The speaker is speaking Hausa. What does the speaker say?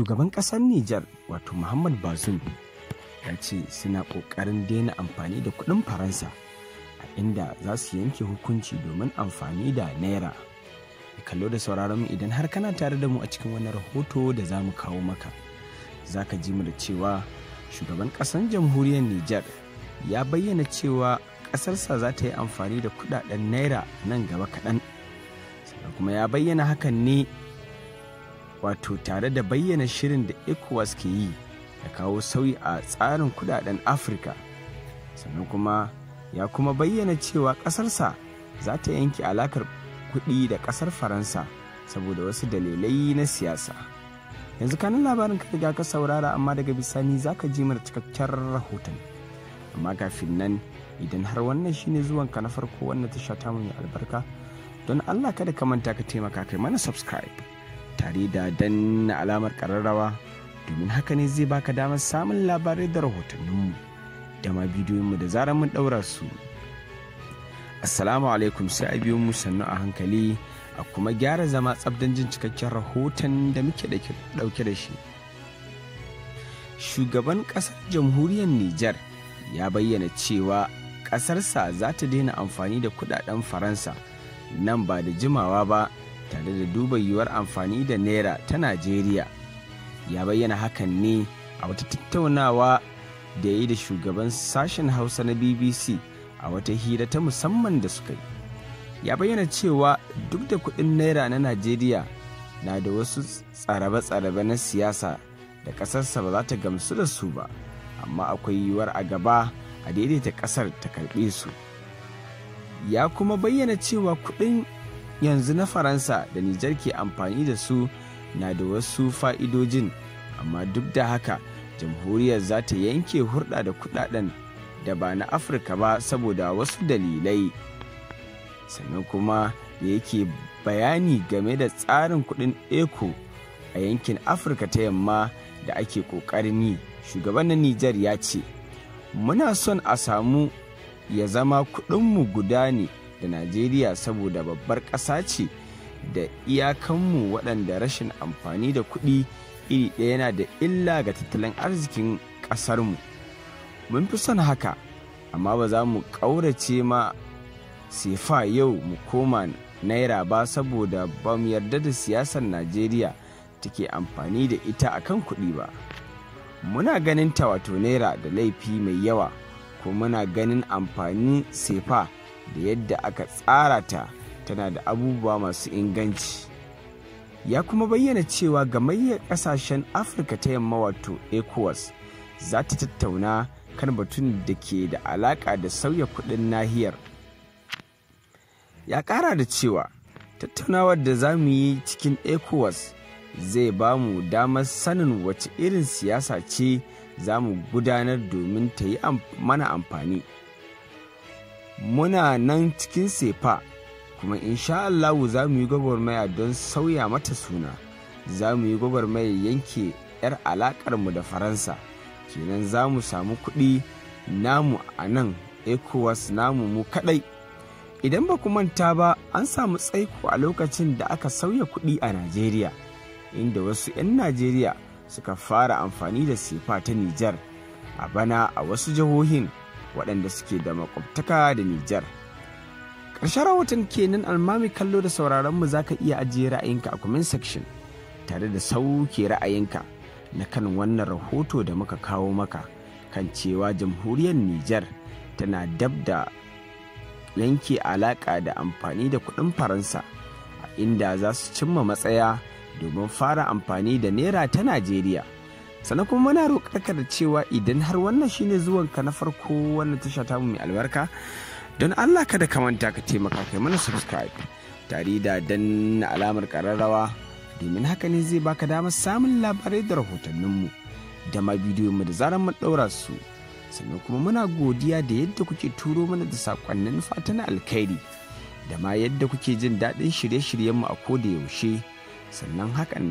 shugaban kasar Nijar wato Muhammad Bazoum ya ce suna kokarin daina amfani da kuɗin Faransa a inda za su yanke hukunci domin amfani da Naira. Ya kallo da sauraron mu idan har kana tare da mu a cikin wani rahoto da za mu kawo maka. Za ka ji mu da cewa shugaban kasar jamhuriyar Nijar ya bayyana cewa ƙasarsa za ta yi amfani da kuɗaɗen Naira nan gaba kaɗan. kuma ya bayyana hakan ne wato tare da bayyana shirin da ecowas ke yi da kawo sauyi a tsarin kudaden afirka sannan kuma ya kuma bayyana cewa ƙasarsa za ta yanke alakar kuɗi da ƙasar faransa saboda wasu dalilai na siyasa yanzu kanin labarin ka riga ka saurara amma daga bisani za ka ji mara cikakken rahoton amma kafin nan idan har wannan shine ka na farko wannan tasha ta mun albarka don allah kada ka manta ka taimaka kai mana subscribe tare da danna alamar kararrawa domin haka ne zai baka damar samun labarai da rahotanninmu da ma bidiyonmu da zarar mun ɗaura su assalamu alaikum sai a biyo mu sannu a hankali a kuma gyara zama tsabdan jin cikakken rahoton da muke ɗauke da shi shugaban ƙasar jamhuriyar Nijar ya bayyana cewa ƙasarsa za ta daina amfani da kuɗaɗen faransa nan ba da jimawa ba tare da duba yiwuwar amfani da naira ta najeriya ya bayyana hakan ne a wata tattaunawa da ya yi da shugaban sashen hausa na bbc a wata hira ta musamman da suka yi ya bayyana cewa duk da kudin naira na najeriya na da wasu tsarabe-tsarabe na siyasa da ƙasarsa ba za ta gamsu da su ba amma akwai yiwuwar a gaba a daidaita ƙasar ta karɓe su ya kuma bayyana cewa kuɗin. yanzu na faransa da nijar ke amfani da su na da wasu fa'idojin amma duk da haka jamhuriyar za ta yanke hurɗa da kuɗaɗen da ba na afirka ba saboda wasu dalilai sannan kuma da yake bayani game da tsarin kuɗin eco a yankin afirka ta yamma da ake ƙoƙarin yi shugaban na nijar ya ce muna son a samu ya zama kuɗinmu guda ne da najeriya saboda babbar ƙasa ce da iyakanmu waɗanda rashin amfani da kuɗi iri ɗaya yana da illa ga tattalin arzikin ƙasarmu mun fi son haka amma ba za mu ƙaurace ma sefa yau mu koma naira ba saboda ba mu yarda da siyasar najeriya take amfani da ita akan kuɗi ba muna ganin ta wato naira da laifi mai yawa ko muna ganin amfanin sefa da yadda aka tsara ta tana da abubuwa masu inganci ya kuma bayyana cewa gamayyar kasashen afirka ta yamma wato ecowas za ta tattauna kan batun da ke da alaka da sauya kudin nahiyar ya kara da cewa tattaunawar da za mu yi cikin ecowas zai ba mu damar sanin wace irin siyasa ce za mu gudanar domin ta yi mana amfani. muna nan cikin sefa kuma insha Allahu za mu yi gwagwarmaya don sauya mata suna za mu yi gwagwarmaya yanke 'yar alaƙarmu da faransa kenan za mu samu kuɗi namu a nan ecowas namu mu kaɗai idan ba ku manta ba an samu tsaiko a lokacin da aka sauya kuɗi a najeriya inda wasu 'yan najeriya suka fara amfani da sefa ta nijar a bana a wasu jihohin waɗanda suke da makwabtaka da Nijar. Ƙarshen rahoton kenan almami kallo da sauraron mu zaka iya ajiye ra'ayinka a comment section tare da sauke ra'ayinka na kan wannan rahoto da muka kawo maka kan cewa jamhuriyar Nijar tana dab da yanke alaƙa da amfani da kuɗin Faransa a inda za su cimma matsaya domin fara amfani da Naira ta Najeriya. sannan kuma muna roƙarka da cewa idan har wannan shine zuwanka na farko wannan tasha tamu mai albarka don allah kada ka manta ka taimaka kai mana subscribe tare da danna alamar ƙararrawa domin haka ne zai baka damar samun labarai da rahotanninmu da ma mu da zarar mu ɗaura su sannan kuma muna godiya da yadda kuke turo mana da saƙonnin fata alkhairi da ma yadda kuke jin daɗin shirye-shiryenmu a koda yaushe sannan hakan